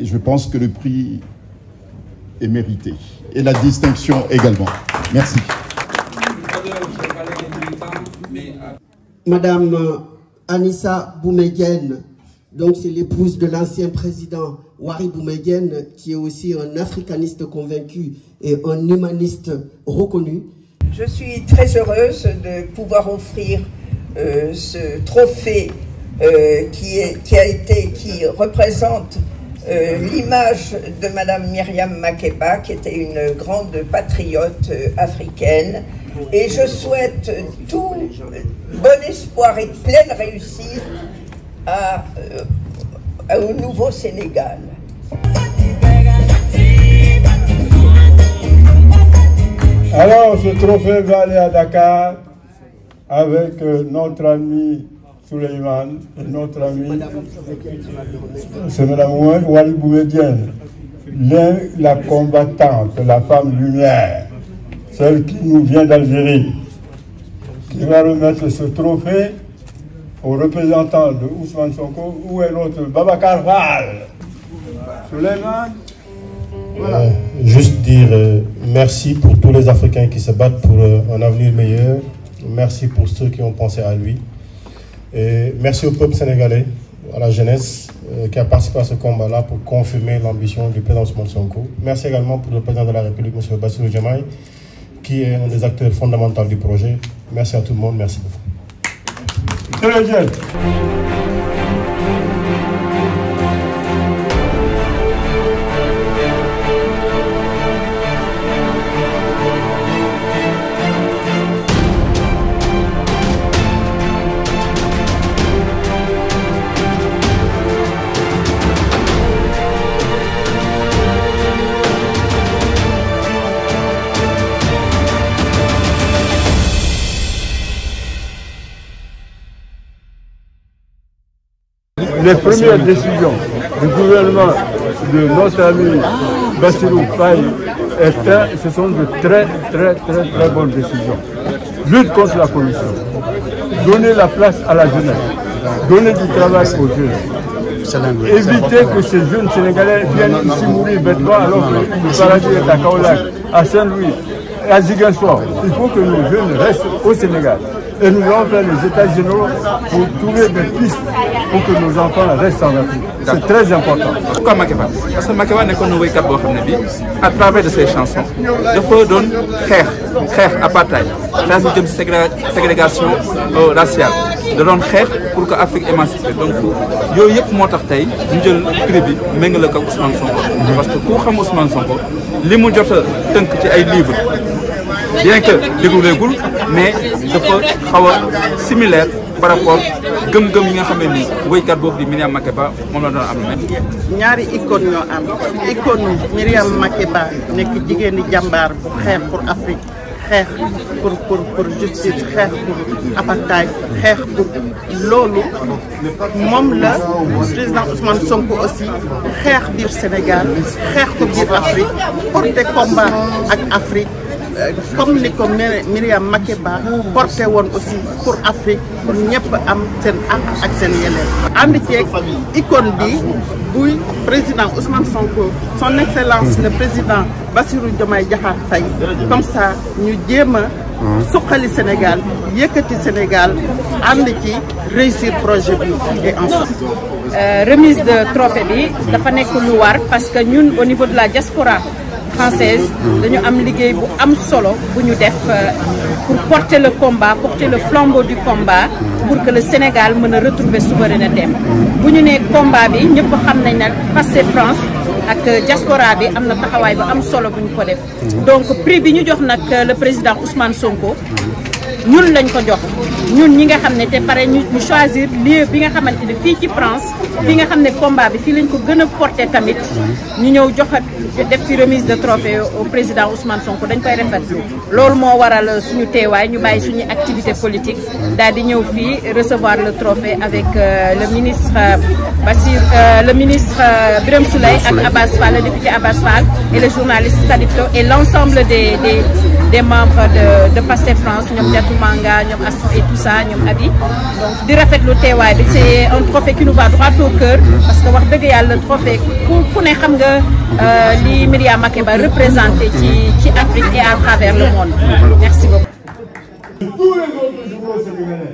je pense que le prix est mérité. Et la distinction également. Merci. Madame euh, Anissa Boumeguen, donc c'est l'épouse de l'ancien président Wari Boumeguen, qui est aussi un africaniste convaincu et un humaniste reconnu. Je suis très heureuse de pouvoir offrir euh, ce trophée euh, qui a été, qui représente euh, l'image de Madame Myriam Makeba, qui était une grande patriote euh, africaine. Et je souhaite tout bon espoir et pleine réussite à, euh, au nouveau Sénégal. Alors, ce trophée va aller à Dakar avec notre ami Souleyman notre ami, c'est Mme Wali la combattante, la femme lumière, celle qui nous vient d'Algérie, qui va remettre ce trophée au représentant de Ousmane Sonko, où est l'autre Baba Carval Souleyman euh, juste dire euh, merci pour tous les Africains qui se battent pour euh, un avenir meilleur. Merci pour ceux qui ont pensé à lui. Et merci au peuple sénégalais, à la jeunesse euh, qui a participé à ce combat-là pour confirmer l'ambition du président Ousmane Sonko. Merci également pour le président de la République, M. Bassirou Djamay, qui est un des acteurs fondamentaux du projet. Merci à tout le monde, merci beaucoup. les premières décisions du gouvernement de notre ami Bassirou Faye, ce sont de très, très, très, très bonnes décisions. Lutte contre la pollution, donner la place à la jeunesse, donner du travail aux jeunes, éviter que ces jeunes Sénégalais viennent ici mourir bêtement alors que le paradis est à Kaolac, à Saint-Louis, à Ziguinchor. Il faut que nos jeunes restent au Sénégal. Et nous allons faire les états unis pour trouver des pistes pour que nos enfants restent en Afrique. C'est très important. Pourquoi Makeba Parce que Makeba n'est qu'un nouveau cap à travers de ses chansons. Il faut donner frère, frère apartheid, la deuxième ségrégation euh, raciale. de doon xeex pour que l'Afrique émancipe. donc il y a tax tey ñu jël prix bi méngale ko Ousmane Sonko. parce que pour xam Ousmane Sonko li mu jot a tënk ci ay livres bien que découvreegul mais de xaw a similaire par rapport gëm-gëm yi nga xamé ni nii kat boobu di Myriam Makeba moom la doon am na ñaari icône ñoo am icône Myriam Makeba nek jigéeni jambar bu xeex pour Afrique xeex pour pour pour justice xeex pour apartheid xeex pour loolu moom la président Ousmane Sonko aussi xeex bir Sénégal xeex ko bir Afrique porter combat ak Afrique comme les comme Miriam Makeba porté won aussi pour Afrique pour ñëpp am sen àq ak sen yelleef ànd icône bi président Ousmane Sonko son excellence le président Bassirou Diomaye Diakhar Faye comme ça ñu jéem a Sénégal yëkkati Sénégal ànd ci réussir projet bi et ensemble euh, remise de trophée bi dafa nek lu war parce que ñun au niveau de la diaspora française nous avons liggéey bu euh, pour porter le combat porter le flambeau du combat pour que le Sénégal puisse retrouver retrouver souveraineté Pour ñu nee combat bi ñëpp xam France ak diaspora bi amna taxaway ba am solo buñ ko def. donc prix bi ñu jox nak le président Ousmane Sonko. ñun lañ ko jox ñun ñi nga xamné té paré ñu choisir lieu bi nga xamante fi ci France fi nga xamné combat bi fi lañ ko gëna porter tamit ñu ñëw joxat def ci remise de trophée au président Ousmane Sonko dañ koy rafetlu lool mo waral suñu téway ñu bàyyi suñu activité politique dal di ñëw fi recevoir le trophée avec euh, le ministre euh, Bassir euh, le ministre Birame Souleye ak Abbas Fall, le député Abbas Fall et le journaliste Sadipto et l'ensemble des, des, des, membres de, de Pasteur France, Nyom Manga, Nyom Asson et tout ça, Nyom Abi. Donc, de refaire le c'est un trophée qui nous va droit au cœur parce que wax deug yalla trophée ku nous ne xam nga euh li Myriam représenter ci ci Afrique et à travers le monde. Merci beaucoup. Tous les